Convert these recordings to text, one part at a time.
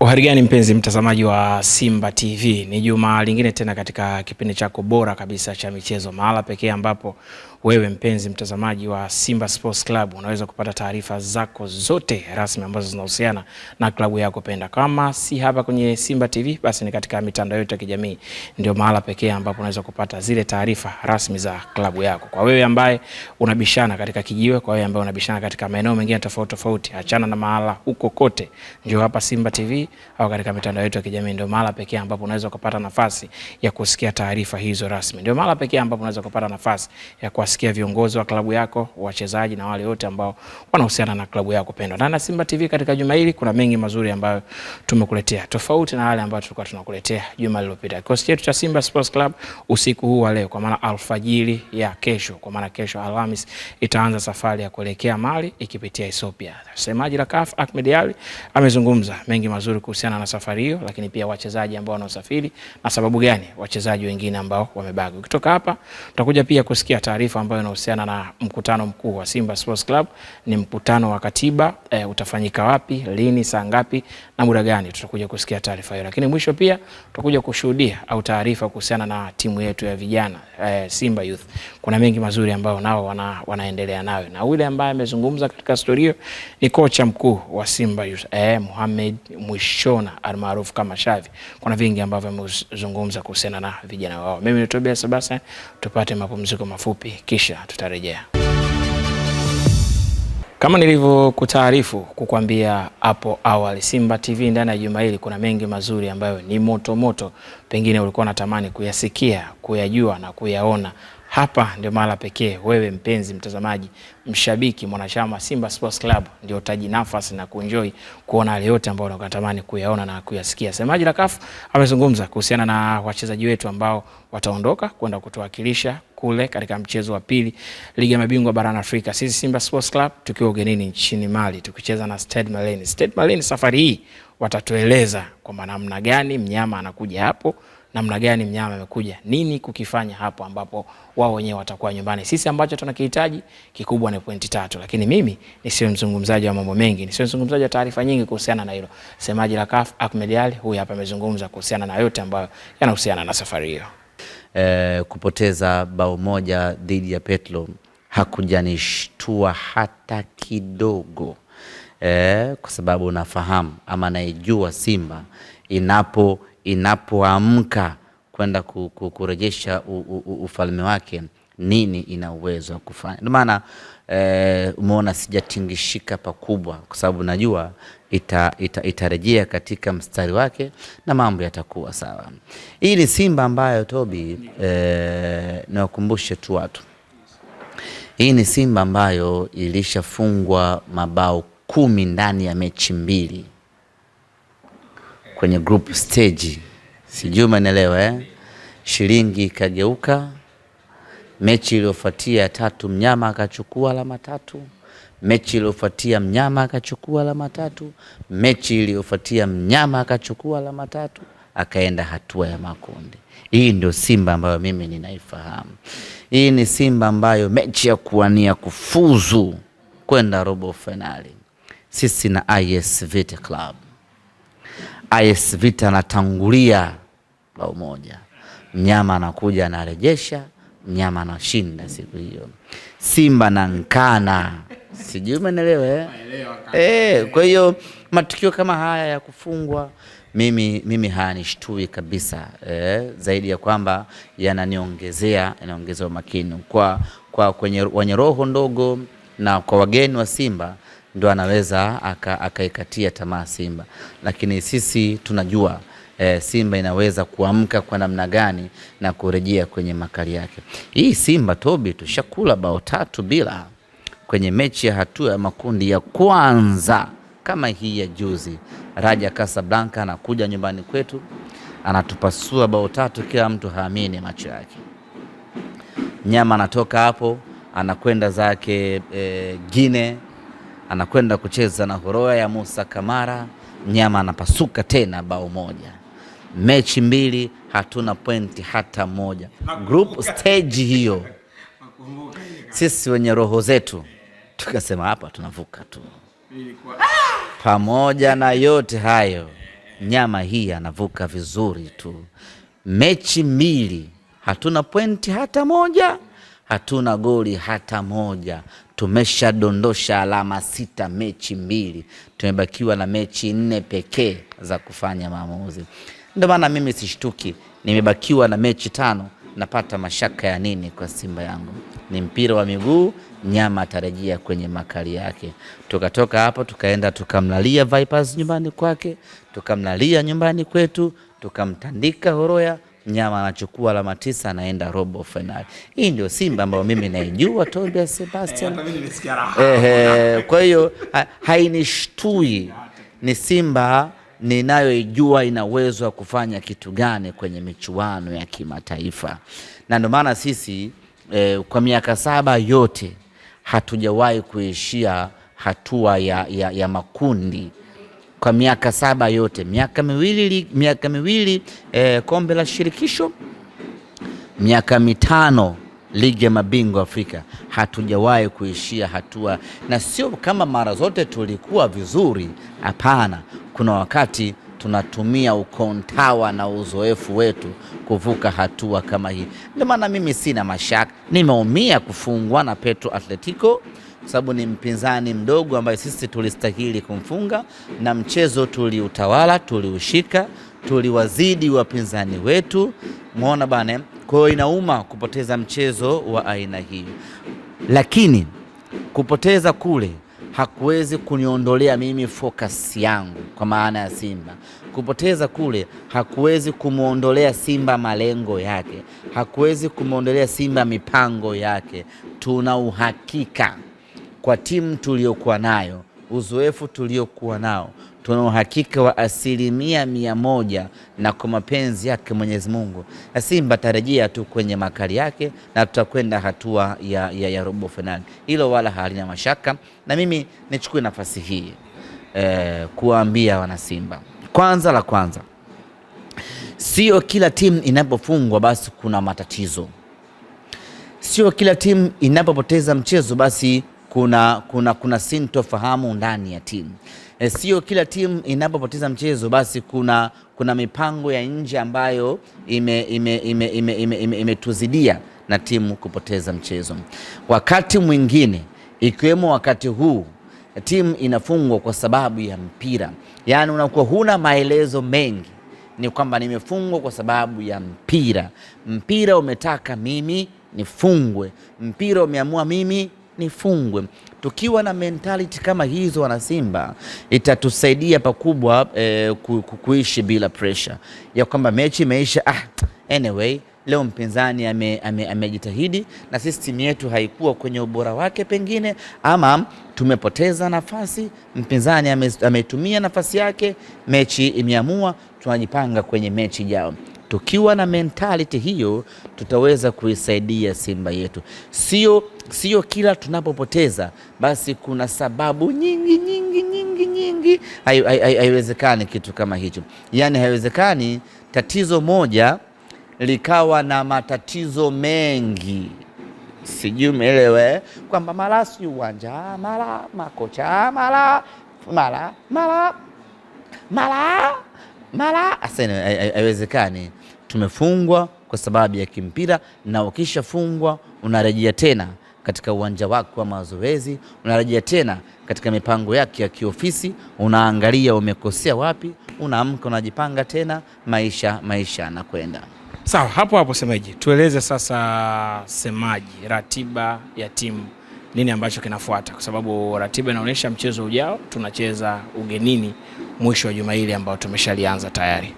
uharigani gani mpenzi mtazamaji wa Simba TV, ni juma lingine tena katika kipindi chako bora kabisa cha michezo, mahala pekee ambapo wewe mpenzi mtazamaji wa Simba Sports Club unaweza kupata taarifa zako zote rasmi ambazo zinahusiana na klabu yako penda. Kama si hapa kwenye Simba TV, basi ni katika mitandao yote ya kijamii, ndio mahala pekee ambapo unaweza kupata zile taarifa rasmi za klabu yako. Kwa wewe ambaye unabishana katika kijiwe, kwa wewe ambaye unabishana katika maeneo mengine tofauti tofauti, achana na mahala huko kote, ndio hapa Simba TV au katika mitandao yote ya kijamii, ndio mahala pekee ambapo unaweza kupata nafasi ya kusikia taarifa hizo rasmi, ndio mahala pekee ambapo unaweza kupata nafasi ya kwa kuwasikia viongozi wa klabu yako, wachezaji na wale wote ambao wanahusiana na klabu yako pendwa. Na na Simba TV katika juma hili kuna mengi mazuri ambayo tumekuletea, tofauti na wale ambao tulikuwa tunakuletea juma lililopita. Kikosi chetu cha Simba Sports Club usiku huu wa leo, kwa maana alfajiri ya kesho, kwa maana kesho Alhamis itaanza safari ya kuelekea Mali ikipitia Ethiopia. Msemaji la CAF Ahmed Ally amezungumza mengi mazuri kuhusiana na safari hiyo, lakini pia wachezaji ambao wanaosafiri na sababu gani wachezaji wengine ambao wamebaki. Ukitoka hapa tutakuja pia kusikia taarifa ambayo inahusiana na mkutano mkuu wa Simba Sports Club. Ni mkutano wa katiba e, utafanyika wapi, lini, saa ngapi na muda gani? Tutakuja kusikia taarifa hiyo, lakini mwisho pia tutakuja kushuhudia au taarifa kuhusiana na timu yetu ya vijana e, Simba Youth. Kuna mengi mazuri ambayo nao wana, wanaendelea nayo, na yule ambaye amezungumza katika story ni kocha mkuu wa Simba Youth e, Mohamed Mwishona almaarufu kama Shavi. Kuna vingi ambavyo amezungumza kuhusiana na vijana wao. Mimi ni Tobias Sabasa, tupate mapumziko mafupi kisha tutarejea. Kama nilivyokutaarifu kukwambia hapo awali, Simba TV ndani ya juma hili kuna mengi mazuri ambayo ni moto moto, pengine ulikuwa unatamani kuyasikia, kuyajua na kuyaona, hapa ndio mahala pekee wewe mpenzi mtazamaji, mshabiki, mwanachama Simba Sports Club, ndio utaji nafasi na kuenjoy kuona yale yote ambayo unatamani kuyaona na kuyasikia. Semaji la CAF amezungumza kuhusiana na wachezaji wetu ambao wataondoka kwenda kutuwakilisha kule katika mchezo wa pili ligi ya mabingwa barani Afrika, sisi Simba Sports Club tukiwa ugenini nchini Mali tukicheza na Stade Malien. Stade Malien safari hii watatueleza kwamba namna gani mnyama anakuja hapo namna gani mnyama amekuja, nini kukifanya hapo ambapo wao wenyewe watakuwa nyumbani. Sisi ambacho tunakihitaji kikubwa ni pointi tatu, lakini mimi nisiwe mzungumzaji wa mambo mengi, nisiwe mzungumzaji wa taarifa nyingi kuhusiana na hilo. Semaji la CAF Ahmed Ally huyu hapa amezungumza kuhusiana na yote ambayo yanahusiana na safari hiyo. Eh, kupoteza bao moja dhidi ya Petro hakujanishtua hata kidogo eh, kwa sababu nafahamu ama naijua Simba inapo inapoamka kwenda kurejesha ufalme wake, nini ina uwezo wa kufanya. Ndio maana e, umeona sijatingishika pakubwa, kwa sababu najua itarejea ita, ita katika mstari wake na mambo yatakuwa sawa. Hii ni Simba ambayo Tobi, e, eh, niwakumbushe tu watu, hii ni Simba ambayo ilishafungwa mabao kumi ndani ya mechi mbili kwenye group stage, sijui umeelewa eh? Shilingi ikageuka. Mechi iliyofuatia ya tatu mnyama akachukua alama tatu. Mechi iliyofuatia mnyama akachukua alama tatu. Mechi iliyofuatia mnyama akachukua alama tatu, akaenda hatua ya makundi. Hii ndio Simba ambayo mimi ninaifahamu. Hii ni Simba ambayo mechi ya kuwania kufuzu kwenda robo fainali, sisi na IS Vita Club IS Vita anatangulia bao moja, mnyama anakuja anarejesha, mnyama anashinda siku hiyo. Simba na Nkana, sijui umeelewa eh? eh kwa hiyo matukio kama haya ya kufungwa mimi, mimi hayanishtui kabisa eh, zaidi ya kwamba yananiongezea yanaongeza umakini kwa, kwa kwenye wenye roho ndogo na kwa wageni wa Simba ndo anaweza akaikatia aka tamaa Simba, lakini sisi tunajua e, Simba inaweza kuamka kwa namna gani na kurejea kwenye makali yake. Hii Simba Tobi, tushakula bao tatu bila kwenye mechi ya hatua ya makundi ya kwanza kama hii ya juzi. Raja Casablanca anakuja nyumbani kwetu anatupasua bao tatu, kila mtu haamini macho yake. Nyama anatoka hapo anakwenda zake e, eh, Gine anakwenda kucheza na Horoya ya Musa Kamara, mnyama anapasuka tena bao moja. Mechi mbili hatuna pointi hata moja. Group stage hiyo, sisi wenye roho zetu tukasema hapa tunavuka tu. Pamoja na yote hayo, nyama hii anavuka vizuri tu. Mechi mbili hatuna pointi hata moja, hatuna goli hata moja tumeshadondosha alama sita mechi mbili, tumebakiwa na mechi nne pekee za kufanya maamuzi. Ndio maana mimi sishtuki, nimebakiwa na mechi tano, napata mashaka ya nini kwa Simba yangu? Ni mpira wa miguu, nyama atarejea kwenye makali yake. Tukatoka hapo tukaenda tukamlalia Vipers nyumbani kwake, tukamlalia nyumbani kwetu, tukamtandika Horoya. Mnyama anachukua alama tisa anaenda robo fainali. Hii ndio Simba ambayo mimi naijua Tobias Sebastian. Eh, Ehe, kwa hiyo hainishtui, ni Simba ninayoijua ina kufanya kitu gani kwenye michuano ya kimataifa, na ndio maana sisi eh, kwa miaka saba yote hatujawahi kuishia hatua ya, ya, ya makundi kwa miaka saba yote, miaka miwili, miaka miwili e, kombe la shirikisho, miaka mitano ligi ya mabingwa Afrika. Hatujawahi kuishia hatua, na sio kama mara zote tulikuwa vizuri. Hapana, kuna wakati tunatumia ukontawa na uzoefu wetu kuvuka hatua kama hii. Ndio maana mimi sina mashaka, nimeumia kufungwa na Petro Atletico kwa sababu ni mpinzani mdogo ambaye sisi tulistahili kumfunga, na mchezo tuliutawala, tuliushika, tuliwazidi wapinzani wetu. Mwona bane, kwa hiyo inauma kupoteza mchezo wa aina hii lakini kupoteza kule hakuwezi kuniondolea mimi focus yangu kwa maana ya Simba. Kupoteza kule hakuwezi kumwondolea Simba malengo yake, hakuwezi kumwondolea Simba mipango yake. Tuna uhakika kwa timu tuliyokuwa nayo, uzoefu tuliokuwa nao, tuna uhakika wa asilimia mia moja, na kwa mapenzi yake Mwenyezi Mungu Simba tarajia tu kwenye makali yake na tutakwenda hatua ya, ya, ya robo fainali. Hilo wala halina mashaka, na mimi nichukue nafasi hii eh, kuwaambia wanasimba, kwanza la kwanza, sio kila timu inapofungwa basi kuna matatizo, sio kila timu inapopoteza mchezo basi kuna, kuna, kuna sintofahamu ndani ya timu e, sio kila timu inapopoteza mchezo basi kuna, kuna mipango ya nje ambayo imetuzidia ime, ime, ime, ime, ime, ime na timu kupoteza mchezo. Wakati mwingine ikiwemo wakati huu timu inafungwa kwa sababu ya mpira, yaani unakuwa huna maelezo mengi, ni kwamba nimefungwa kwa sababu ya mpira. Mpira umetaka mimi nifungwe, mpira umeamua mimi nifungwe. Tukiwa na mentality kama hizo, wanasimba, itatusaidia pakubwa eh, kuishi bila pressure ya kwamba mechi imeisha, ah, anyway leo mpinzani amejitahidi ame, ame na sisi timu yetu haikuwa kwenye ubora wake, pengine ama tumepoteza nafasi, mpinzani ametumia ame nafasi yake, mechi imeamua, tunajipanga kwenye mechi ijayo. Tukiwa na mentality hiyo, tutaweza kuisaidia Simba yetu. Sio sio kila tunapopoteza basi kuna sababu nyingi nyingi nyingi nyingi. Haiwezekani kitu kama hicho, yaani haiwezekani tatizo moja likawa na matatizo mengi. Sijui umeelewa eh? kwamba mara si uwanja, mara makocha, mara mara mara mara mara, haiwezekani tumefungwa kwa sababu ya kimpira, na ukishafungwa unarejea tena katika uwanja wako wa mazoezi, unarejea tena katika mipango yake ya kiofisi, unaangalia umekosea wapi, unaamka, unajipanga tena, maisha maisha yanakwenda. Sawa, hapo hapo Semaji, tueleze sasa, Semaji, ratiba ya timu nini ambacho kinafuata, kwa sababu ratiba inaonyesha mchezo ujao tunacheza ugenini mwisho wa juma hili ambao tumeshalianza tayari.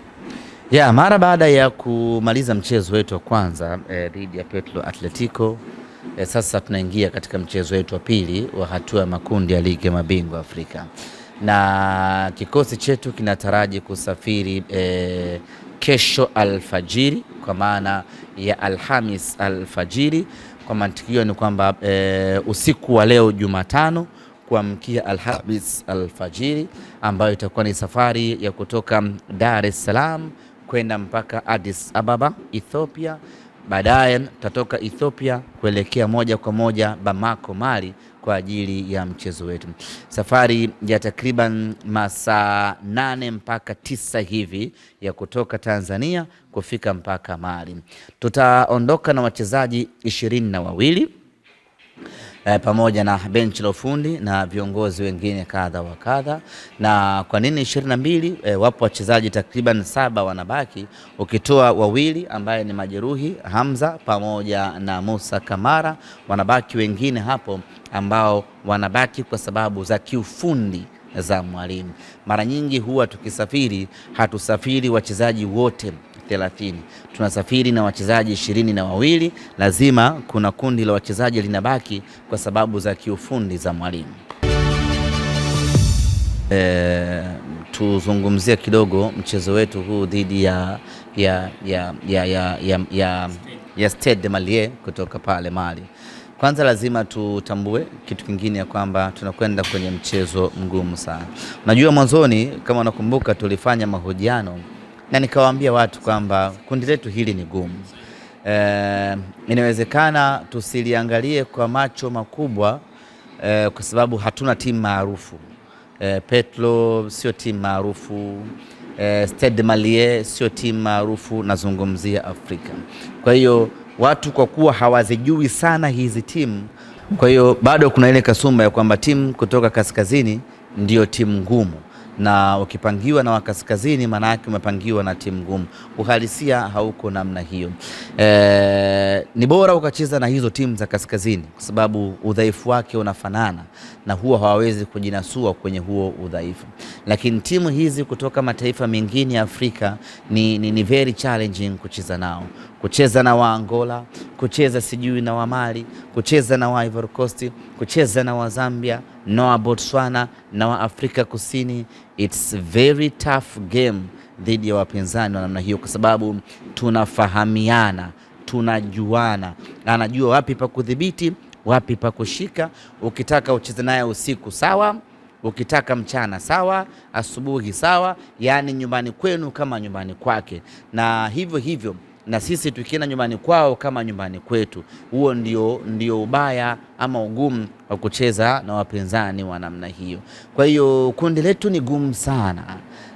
Yeah, mara baada ya kumaliza mchezo wetu wa kwanza eh, dhidi eh, ya Petro Atletico eh, sasa tunaingia katika mchezo wetu wa pili wa hatua ya makundi ya ligi ya mabingwa Afrika na kikosi chetu kinataraji kusafiri eh, kesho alfajiri kwa maana ya Alhamis alfajiri. Kwa mantikio ni kwamba eh, usiku wa leo Jumatano kuamkia Alhamis alfajiri ambayo itakuwa ni safari ya kutoka Dar es Salaam kwenda mpaka Addis Ababa Ethiopia, baadaye tutatoka Ethiopia kuelekea moja kwa moja Bamako Mali kwa ajili ya mchezo wetu. Safari ya takriban masaa nane mpaka tisa hivi ya kutoka Tanzania kufika mpaka Mali. Tutaondoka na wachezaji ishirini na wawili eh, pamoja na benchi la ufundi na viongozi wengine kadha wa kadha. Na kwa nini ishirini na mbili? Eh, wapo wachezaji takriban saba wanabaki, ukitoa wawili ambaye ni majeruhi Hamza pamoja na Musa Kamara, wanabaki wengine hapo ambao wanabaki kwa sababu za kiufundi za mwalimu. Mara nyingi huwa tukisafiri hatusafiri wachezaji wote 30. Tunasafiri na wachezaji ishirini na wawili, lazima kuna kundi la wachezaji linabaki kwa sababu za kiufundi za mwalimu. E, tuzungumzie kidogo mchezo wetu huu dhidi ya, ya, ya, ya, ya, ya, ya, ya Stade de Malie kutoka pale Mali. Kwanza lazima tutambue kitu kingine ya kwamba tunakwenda kwenye mchezo mgumu sana. Unajua mwanzoni, kama unakumbuka, tulifanya mahojiano na nikawaambia watu kwamba kundi letu hili ni gumu. E, inawezekana tusiliangalie kwa macho makubwa e, kwa sababu hatuna timu maarufu e, Petro sio timu maarufu e, Stade Malie sio timu maarufu, nazungumzia Afrika. Kwa hiyo watu kwa kuwa hawazijui sana hizi timu, kwa hiyo bado kuna ile kasumba ya kwamba timu kutoka kaskazini ndiyo timu ngumu na ukipangiwa na wakaskazini maana yake umepangiwa na timu ngumu. Uhalisia hauko namna hiyo. E, ni bora ukacheza na hizo timu za kaskazini kwa sababu udhaifu wake unafanana na huwa hawawezi kujinasua kwenye huo udhaifu, lakini timu hizi kutoka mataifa mengine ya Afrika ni, ni, ni very challenging kucheza nao, kucheza na wa Angola, kucheza sijui na wa Mali, kucheza na wa Ivory Coast, kucheza na wa Zambia na wa Botswana na wa Afrika Kusini it's very tough game dhidi ya wapinzani wa namna hiyo, kwa sababu tunafahamiana, tunajuana, anajua wapi pa kudhibiti, wapi pa kushika. Ukitaka ucheze naye usiku sawa, ukitaka mchana sawa, asubuhi sawa, yaani nyumbani kwenu kama nyumbani kwake, na hivyo hivyo na sisi tukienda nyumbani kwao kama nyumbani kwetu. Huo ndio, ndio ubaya ama ugumu wa kucheza na wapinzani wa namna hiyo. Kwa hiyo kundi letu ni gumu sana,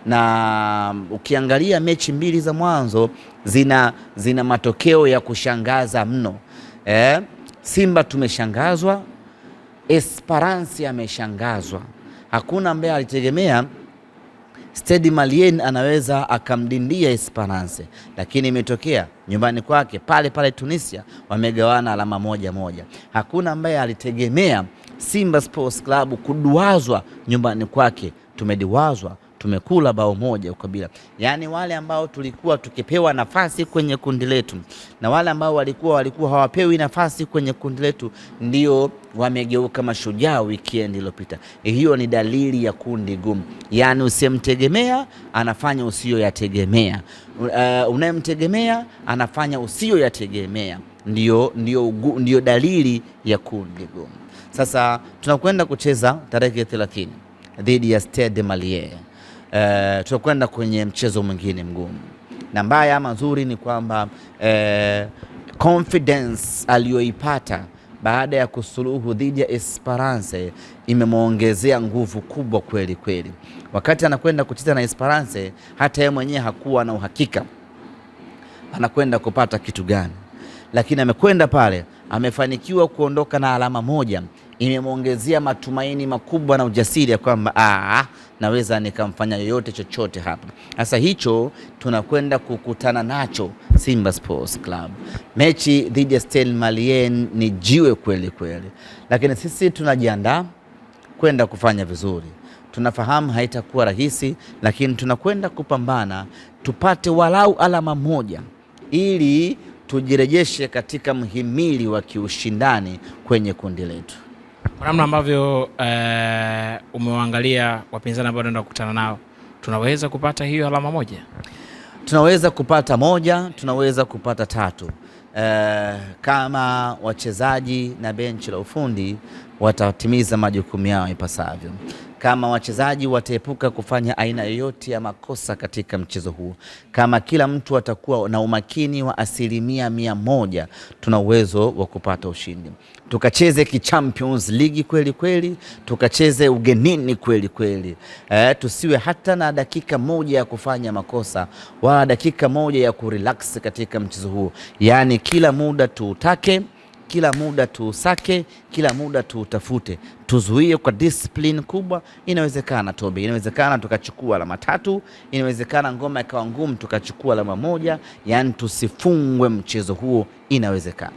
na ukiangalia mechi mbili za mwanzo zina, zina matokeo ya kushangaza mno eh? Simba tumeshangazwa, Esperance ameshangazwa, hakuna ambaye alitegemea stedi Malien anaweza akamdindia Esperance, lakini imetokea nyumbani kwake pale pale Tunisia, wamegawana alama moja moja. Hakuna ambaye alitegemea Simba Sports Club kuduazwa nyumbani kwake, tumediwazwa tumekula bao moja ukabila. Yaani wale ambao tulikuwa tukipewa nafasi kwenye kundi letu na wale ambao walikuwa walikuwa hawapewi nafasi kwenye kundi letu ndio wamegeuka mashujaa weekend iliyopita. Eh, hiyo ni dalili ya kundi gumu, yaani usiyemtegemea anafanya usiyoyategemea, uh, unayemtegemea anafanya usiyoyategemea. Ndio, ndio, ndio dalili ya kundi gumu. Sasa tunakwenda kucheza tarehe 30 dhidi ya Stade Malien eh, tutakwenda kwenye mchezo mwingine mgumu, na mbaya ama nzuri ni kwamba eh, confidence aliyoipata baada ya kusuluhu dhidi ya Esperance imemwongezea nguvu kubwa kweli kweli. Wakati anakwenda kucheza na Esperance, hata yeye mwenyewe hakuwa na uhakika anakwenda kupata kitu gani, lakini amekwenda pale, amefanikiwa kuondoka na alama moja imemwongezea matumaini makubwa na ujasiri ya kwamba ah, ah, naweza nikamfanya yoyote chochote hapa. Sasa hicho tunakwenda kukutana nacho Simba Sports Club. Mechi dhidi ya Stade Malien ni jiwe kweli kweli, lakini sisi tunajiandaa kwenda kufanya vizuri. Tunafahamu haitakuwa rahisi, lakini tunakwenda kupambana tupate walau alama moja ili tujirejeshe katika mhimili wa kiushindani kwenye kundi letu. Kwa namna ambavyo uh, umewaangalia wapinzani ambao naenda kukutana nao, tunaweza kupata hiyo alama moja, tunaweza kupata moja, tunaweza kupata tatu Uh, kama wachezaji na benchi la ufundi watatimiza majukumu yao ipasavyo kama wachezaji wataepuka kufanya aina yoyote ya makosa katika mchezo huo, kama kila mtu atakuwa na umakini wa asilimia mia moja, tuna uwezo wa kupata ushindi. Tukacheze ki Champions League kweli kweli, tukacheze ugenini kweli kweli. Eh, tusiwe hata na dakika moja ya kufanya makosa wala dakika moja ya kurelax katika mchezo huo, yaani kila muda tuutake kila muda tuusake, kila muda tuutafute, tuzuie kwa discipline kubwa. Inawezekana Tobi, inawezekana tukachukua alama tatu, inawezekana ngoma ikawa ngumu tukachukua alama moja, yani tusifungwe mchezo huo, inawezekana.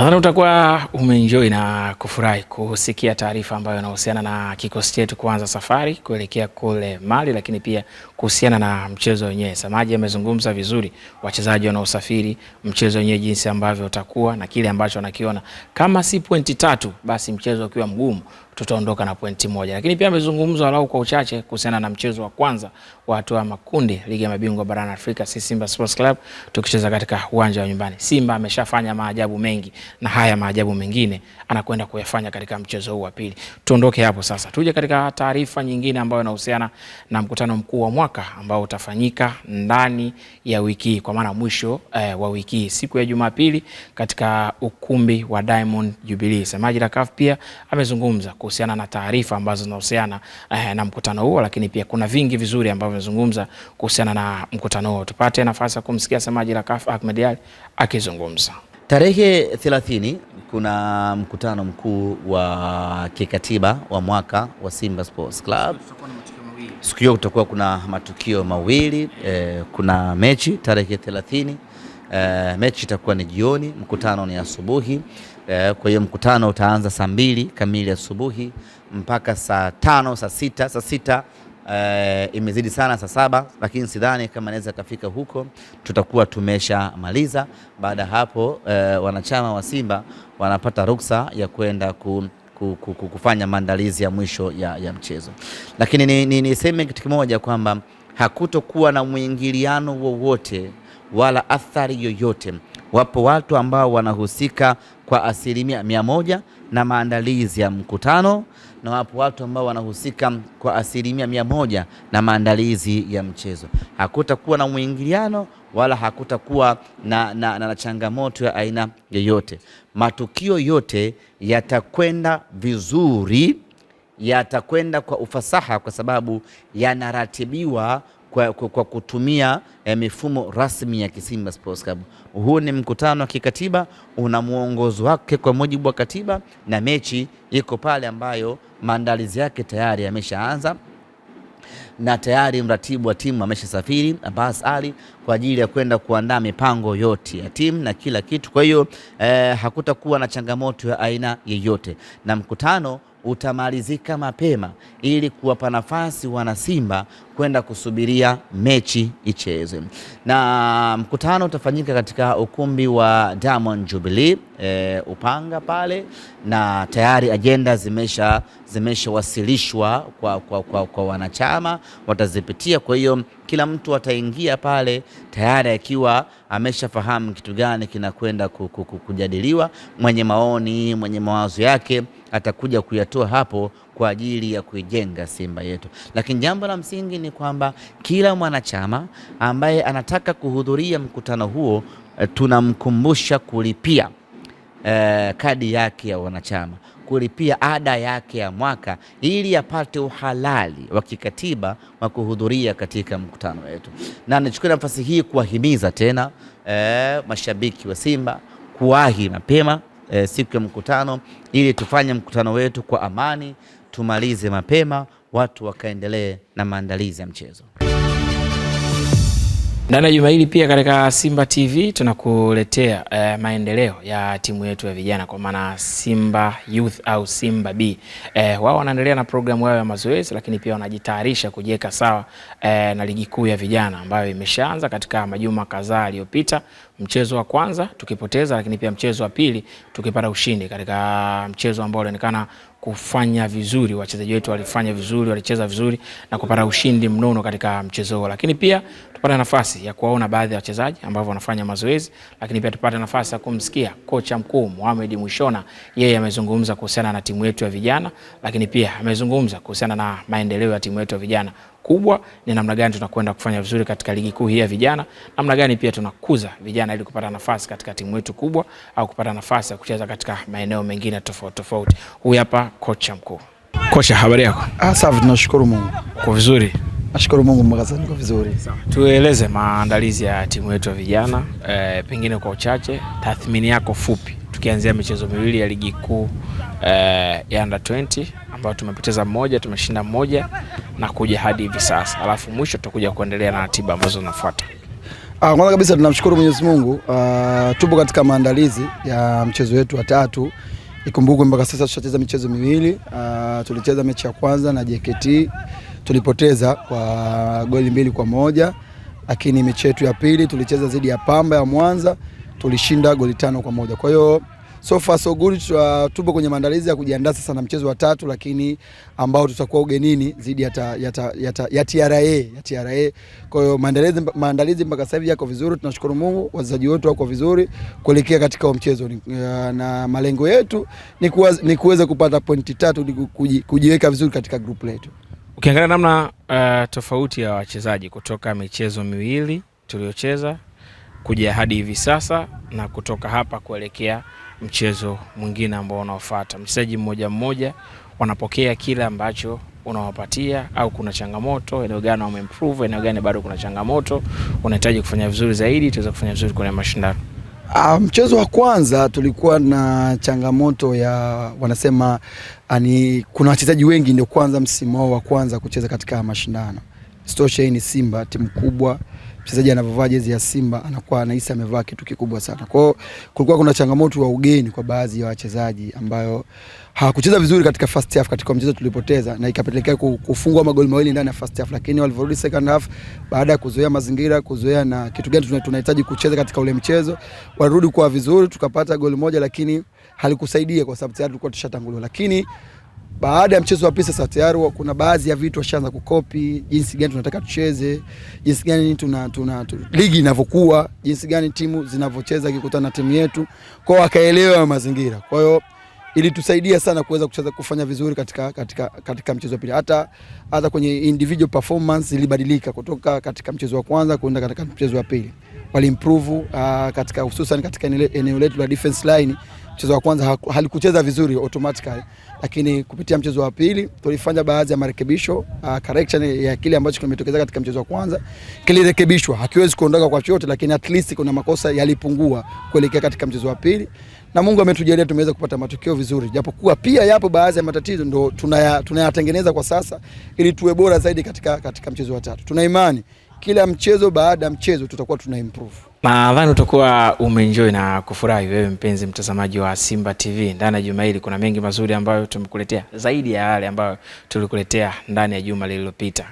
Nadhani utakuwa umeenjoy na kufurahi kusikia taarifa ambayo inahusiana na kikosi chetu kuanza safari kuelekea kule Mali, lakini pia kuhusiana na mchezo wenyewe. Samaji amezungumza vizuri, wachezaji wanaosafiri, mchezo wenyewe jinsi ambavyo utakuwa na kile ambacho anakiona, kama si pointi tatu, basi mchezo ukiwa mgumu tutaondoka na pointi moja, lakini pia amezungumzwa walau kwa uchache kuhusiana na mchezo wa kwanza wa hatua ya makundi ligi ya mabingwa barani Afrika, si Simba Sports Club tukicheza katika uwanja wa nyumbani. Simba ameshafanya maajabu mengi na haya maajabu mengine anakwenda kuyafanya katika mchezo huu wa pili. Tuondoke hapo sasa, tuje katika taarifa nyingine ambayo inahusiana na mkutano mkuu wa mwaka ambao utafanyika ndani ya wiki hii, kwa maana mwisho eh, wa wiki hii siku ya Jumapili katika ukumbi wa Diamond Jubilee. Semaji la CAF pia amezungumza kuhusiana na taarifa ambazo zinahusiana eh, na mkutano huo, lakini pia kuna vingi vizuri ambavyo vimezungumza kuhusiana na mkutano huo. Tupate nafasi ya kumsikia semaji la CAF Ahmed Ally akizungumza. Tarehe 30 kuna mkutano mkuu wa kikatiba wa mwaka wa Simba Sports Club. Siku hiyo kutakuwa kuna matukio mawili eh, kuna mechi tarehe 30 Uh, mechi itakuwa ni jioni, mkutano ni asubuhi. Uh, kwa hiyo mkutano utaanza saa mbili kamili asubuhi mpaka saa tano saa sita saa sita Uh, imezidi sana saa saba, lakini sidhani kama naweza kafika huko, tutakuwa tumeshamaliza. Baada ya hapo uh, wanachama wa Simba wanapata ruksa ya kwenda ku, kufanya maandalizi ya mwisho ya, ya mchezo, lakini niseme ni, ni kitu kimoja kwamba hakutokuwa na mwingiliano wowote wala athari yoyote. Wapo watu ambao wanahusika kwa asilimia mia moja na maandalizi ya mkutano na wapo watu ambao wanahusika kwa asilimia mia moja na maandalizi ya mchezo. Hakutakuwa na mwingiliano wala hakutakuwa na, na, na, na changamoto ya aina yoyote. Matukio yote yatakwenda vizuri, yatakwenda kwa ufasaha kwa sababu yanaratibiwa kwa, kwa, kwa kutumia eh, mifumo rasmi ya Kisimba Sports Club. Huu ni mkutano wa kikatiba, una mwongozo wake kwa mujibu wa katiba, na mechi iko pale ambayo maandalizi yake tayari yameshaanza na tayari mratibu wa timu ameshasafiri Abbas Ali kwa ajili ya kwenda kuandaa mipango yote ya timu na kila kitu. Kwa hiyo eh, hakutakuwa na changamoto ya aina yeyote, na mkutano utamalizika mapema ili kuwapa nafasi wanasimba kwenda kusubiria mechi ichezwe, na mkutano utafanyika katika ukumbi wa Diamond Jubilee e, Upanga pale, na tayari ajenda zimesha zimeshawasilishwa kwa, kwa, kwa, kwa wanachama watazipitia. Kwa hiyo kila mtu ataingia pale tayari akiwa ameshafahamu kitu gani kinakwenda kujadiliwa. Mwenye maoni, mwenye mawazo yake atakuja kuyatoa hapo kwa ajili ya kuijenga Simba yetu. Lakini jambo la msingi ni kwamba kila mwanachama ambaye anataka kuhudhuria mkutano huo eh, tunamkumbusha kulipia eh, kadi yake ya wanachama, kulipia ada yake ya mwaka ili apate uhalali wa kikatiba wa kuhudhuria katika mkutano wetu. Na nichukue nafasi hii kuwahimiza tena eh, mashabiki wa Simba kuwahi mapema eh, siku ya mkutano ili tufanye mkutano wetu kwa amani tumalize mapema, watu wakaendelee na maandalizi ya mchezo. Ndani ya juma hili pia katika Simba TV tunakuletea eh, maendeleo ya timu yetu ya vijana kwa maana Simba Youth au Simba B. Eh, wao wanaendelea na programu yao ya mazoezi, lakini pia wanajitayarisha kujiweka sawa eh, na ligi kuu ya vijana ambayo imeshaanza katika majuma kadhaa yaliyopita. Mchezo wa kwanza tukipoteza, lakini pia mchezo wa pili tukipata ushindi katika mchezo ambao ulionekana kufanya vizuri, wachezaji wetu walifanya vizuri, walicheza vizuri na kupata ushindi mnono katika mchezo huo, lakini pia tupate nafasi ya kuwaona baadhi ya wachezaji ambao wanafanya mazoezi, lakini pia tupate nafasi ya kumsikia kocha mkuu Mohamed Mwishona, yeye amezungumza kuhusiana na timu yetu ya vijana, lakini pia amezungumza kuhusiana na maendeleo ya timu yetu ya vijana kubwa ni namna gani tunakwenda kufanya vizuri katika ligi kuu hii ya vijana, namna gani pia tunakuza vijana ili kupata nafasi katika timu yetu kubwa au kupata nafasi ya kucheza katika maeneo mengine tofauti tofauti. Huyu hapa kocha mkuu. Kocha, habari yako? Ah, safi, tunashukuru Mungu. Kwa vizuri? Nashukuru Mungu mwangaza, kwa vizuri. Tueleze maandalizi ya timu yetu ya vijana e, pengine kwa uchache tathmini yako fupi, tukianzia michezo miwili ya ligi kuu e, ya under 20 ambayo tumepoteza mmoja, tumeshinda mmoja, na kuja hadi hivi sasa, alafu mwisho tutakuja kuendelea na ratiba ambazo zinafuata. Ah, kwanza kabisa tunamshukuru Mwenyezi Mungu. Ah, tupo katika maandalizi ya mchezo wetu wa tatu. Ikumbukwe mpaka sasa tushacheza michezo miwili. Ah, tulicheza mechi ya kwanza na JKT tulipoteza kwa goli mbili kwa moja, lakini mechi yetu ya pili tulicheza dhidi ya Pamba ya Mwanza tulishinda goli tano kwa moja. Kwa hiyo So far so good, tupo kwenye maandalizi ya kujiandaa sasa na mchezo wa tatu, lakini ambao tutakuwa ugenini dhidi ya TRA ya TRA. Kwa hiyo maandalizi maandalizi mpaka sasa hivi yako vizuri, tunashukuru Mungu, wachezaji wetu wako vizuri kuelekea katika mchezo, uh, na malengo yetu ni kuweza kupata pointi tatu, kuji, kujiweka vizuri katika grupu letu. Ukiangalia namna uh, tofauti ya wachezaji kutoka michezo miwili tuliyocheza kuja hadi hivi sasa na kutoka hapa kuelekea mchezo mwingine ambao unaofuata. Mchezaji mmoja mmoja wanapokea kile ambacho unawapatia au kuna changamoto, eneo gani wameimprove, eneo gani bado kuna changamoto, unahitaji kufanya vizuri zaidi tuweze kufanya vizuri kwenye mashindano. Ah, mchezo wa kwanza tulikuwa na changamoto ya wanasema ani, ah, kuna wachezaji wengi ndio kwanza msimu wao wa kwanza kucheza katika mashindano. Stosha hii ni Simba, timu kubwa mchezaji anavovaa jezi ya Simba anakuwa anahisi amevaa kitu kikubwa sana. Kwa hiyo kulikuwa kuna changamoto wa ugeni kwa baadhi ya wachezaji ambayo hawakucheza vizuri katika first half, katika mchezo tulipoteza na ikapelekea kufungwa magoli mawili ndani ya first half, lakini walivyorudi second half, baada ya kuzoea mazingira, kuzoea na kitu gani tunahitaji kucheza katika ule mchezo, walirudi kwa vizuri, tukapata goli moja, lakini halikusaidia kwa sababu tayari tulikuwa tushatanguliwa, lakini baada ya mchezo wa pili sasa tayari kuna baadhi ya vitu washaanza kukopi, jinsi gani tunataka tucheze, jinsi gani tuna, tuna, tuna, ligi inavyokuwa, jinsi gani timu zinavyocheza kikutana na timu yetu, kwao akaelewa mazingira. Kwa hiyo ilitusaidia sana kuweza kucheza kufanya vizuri katika, katika, katika mchezo wa pili. Hata, hata kwenye individual performance ilibadilika kutoka katika mchezo wa kwanza kwenda katika mchezo wa pili, waliimprove uh, katika hususan katika eneo letu la defense line Mchezo wa kwanza halikucheza vizuri automatically, lakini kupitia mchezo wa pili tulifanya baadhi ya marekebisho uh, correction ya kile ambacho kimetokeza katika mchezo wa kwanza kilirekebishwa. Hakiwezi kuondoka kwa chochote, lakini at least kuna makosa yalipungua kuelekea katika mchezo wa pili, na Mungu ametujalia tumeweza kupata matokeo vizuri, japokuwa pia yapo baadhi ya matatizo ndo tunayatengeneza kwa sasa ili tuwe bora zaidi katika, katika mchezo wa tatu. Tuna imani kila mchezo baada ya mchezo tutakuwa tuna improve. Nadhani utakuwa umeenjoy na kufurahi wewe mpenzi mtazamaji wa Simba TV. Ndani ya juma hili kuna mengi mazuri ambayo tumekuletea zaidi ya yale ambayo tulikuletea ndani ya juma lililopita.